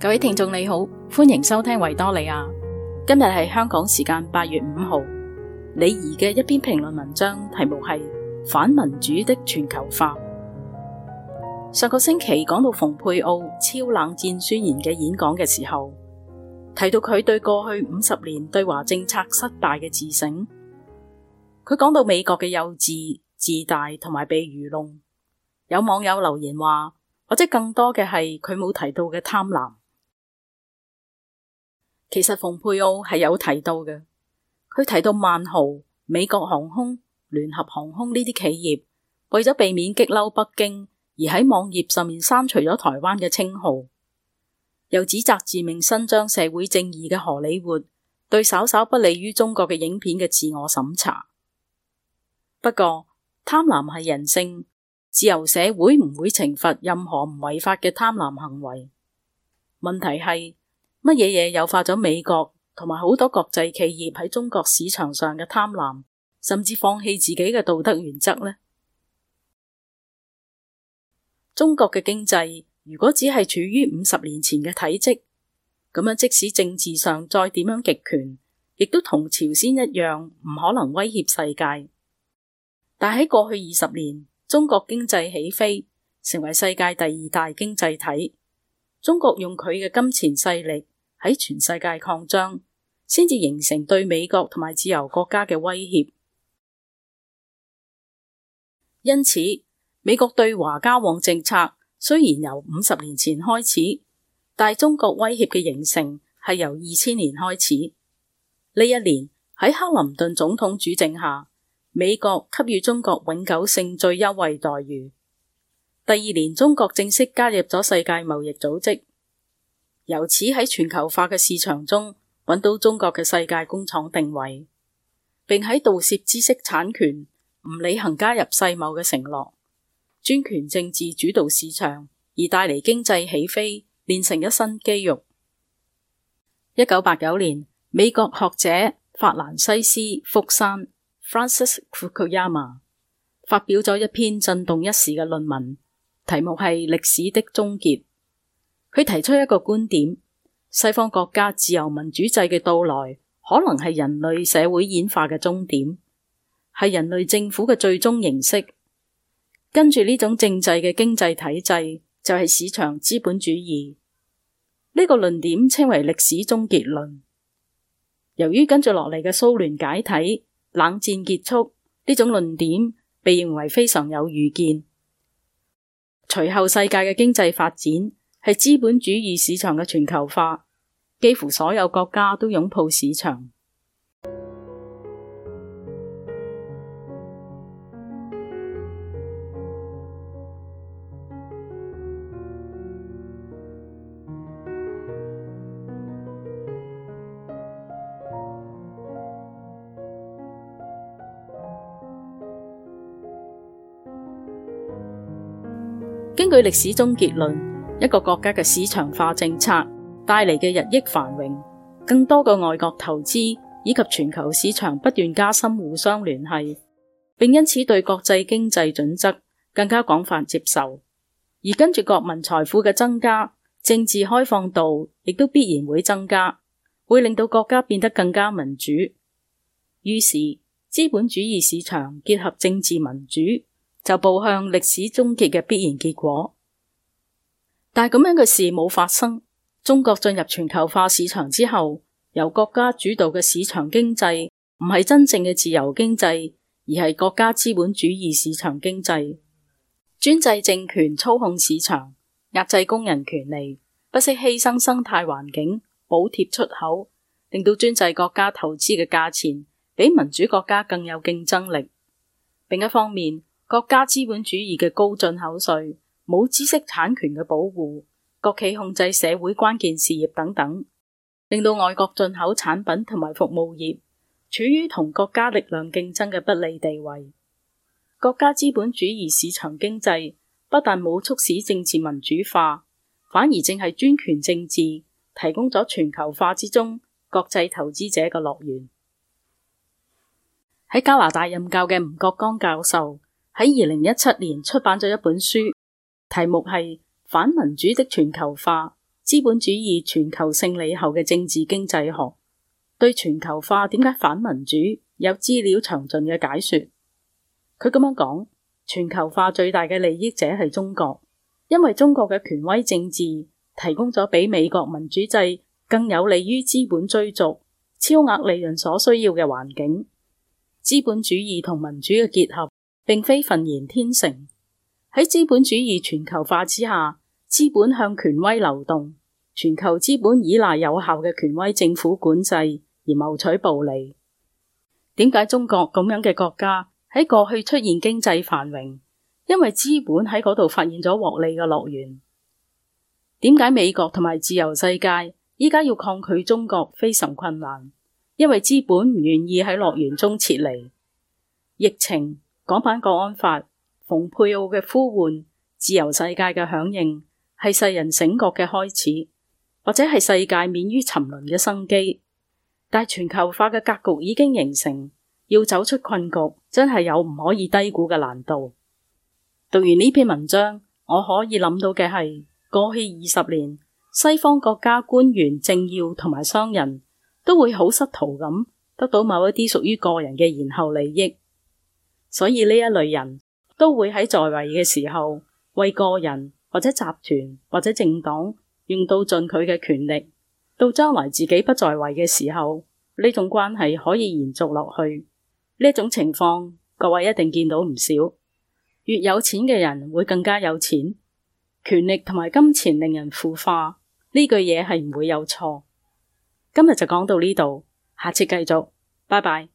各位聽眾你好，歡迎收聽維多利亞。今日係香港時間八月五號，李怡嘅一篇評論文章，題目係《反民主的全球化》。上個星期講到蓬佩奧超冷戰宣言嘅演講嘅時候，提到佢對過去五十年對華政策失敗嘅自省。佢講到美國嘅幼稚、自大同埋被愚弄。有網友留言話，或者更多嘅係佢冇提到嘅貪婪。其實蓬佩奧係有提到嘅，佢提到萬豪、美國航空、聯合航空呢啲企業為咗避免激嬲北京。而喺網頁上面刪除咗台灣嘅稱號，又指責自命伸張社會正義嘅荷里活對稍稍不利於中國嘅影片嘅自我審查。不過貪婪係人性，自由社會唔會懲罰任何唔違法嘅貪婪行為。問題係乜嘢嘢誘發咗美國同埋好多國際企業喺中國市場上嘅貪婪，甚至放棄自己嘅道德原則呢？中國嘅經濟如果只係處於五十年前嘅體積，咁樣即使政治上再點樣極權，亦都同朝鮮一樣唔可能威脅世界。但喺過去二十年，中國經濟起飛，成為世界第二大經濟體，中國用佢嘅金錢勢力喺全世界擴張，先至形成對美國同埋自由國家嘅威脅。因此。美國對華交往政策雖然由五十年前開始，但中國威脅嘅形成係由二千年開始。呢一年，喺克林頓總統主政下，美國給予中國永久性最優惠待遇。第二年，中國正式加入咗世界貿易組織，由此喺全球化嘅市場中揾到中國嘅世界工廠定位，並喺盜竊知識產權、唔履行加入世貿嘅承諾。專權政治主導市場，而帶嚟經濟起飛，練成一身肌肉。一九八九年，美國學者法蘭西斯福山 （Francis Fukuyama） 發表咗一篇震動一時嘅論文，題目係《歷史的終結》。佢提出一個觀點：西方國家自由民主制嘅到來，可能係人類社會演化嘅終點，係人類政府嘅最終形式。跟住呢種政制嘅經濟體制就係市場資本主義，呢個論點稱為歷史終結論。由於跟住落嚟嘅蘇聯解體、冷戰結束，呢種論點被認為非常有預見。隨後世界嘅經濟發展係資本主義市場嘅全球化，幾乎所有國家都擁抱市場。根據歷史終結論，一個國家嘅市場化政策帶嚟嘅日益繁榮，更多嘅外國投資以及全球市場不斷加深互相聯繫，並因此對國際經濟準則更加廣泛接受。而跟住國民財富嘅增加，政治開放度亦都必然會增加，會令到國家變得更加民主。於是，資本主義市場結合政治民主就步向歷史終結嘅必然結果，但係咁樣嘅事冇發生。中國進入全球化市場之後，由國家主導嘅市場經濟唔係真正嘅自由經濟，而係國家資本主義市場經濟，專制政權操控市場，壓制工人權利，不惜犧牲生態環境，補貼出口，令到專制國家投資嘅價錢比民主國家更有競爭力，另一方面。國家資本主義嘅高進口稅、冇知識產權嘅保護、國企控制社會關鍵事業等等，令到外國進口產品同埋服務業處於同國家力量競爭嘅不利地位。國家資本主義市場經濟不但冇促使政治民主化，反而正係專權政治，提供咗全球化之中國際投資者嘅樂園。喺加拿大任教嘅吳國光教授。喺二零一七年出版咗一本書，題目係《反民主的全球化：資本主義全球勝利後嘅政治經濟學》，對全球化點解反民主有資料詳盡嘅解說。佢咁樣講：全球化最大嘅利益者係中國，因為中國嘅權威政治提供咗比美國民主制更有利於資本追逐超額利潤所需要嘅環境，資本主義同民主嘅結合。並非憤然天成。喺資本主義全球化之下，資本向權威流動，全球資本依賴有效嘅權威政府管制而謀取暴利。點解中國咁樣嘅國家喺過去出現經濟繁榮？因為資本喺嗰度發現咗獲利嘅樂園。點解美國同埋自由世界依家要抗拒中國非常困難？因為資本唔願意喺樂園中撤離。疫情。港版國安法，蓬佩奧嘅呼喚，自由世界嘅響應，係世人醒覺嘅開始，或者係世界免於沉淪嘅生機。但係全球化嘅格局已經形成，要走出困局，真係有唔可以低估嘅難度。讀完呢篇文章，我可以諗到嘅係過去二十年，西方國家官員、政要同埋商人都會好失圖，咁，得到某一啲屬於個人嘅延後利益。所以呢一類人都會喺在，在位嘅時候，為個人或者集團或者政黨用到盡佢嘅權力，到將來自己不在位嘅時候，呢種關係可以延續落去。呢一種情況，各位一定見到唔少。越有錢嘅人會更加有錢，權力同埋金錢令人腐化，呢句嘢係唔會有錯。今日就講到呢度，下次繼續，拜拜。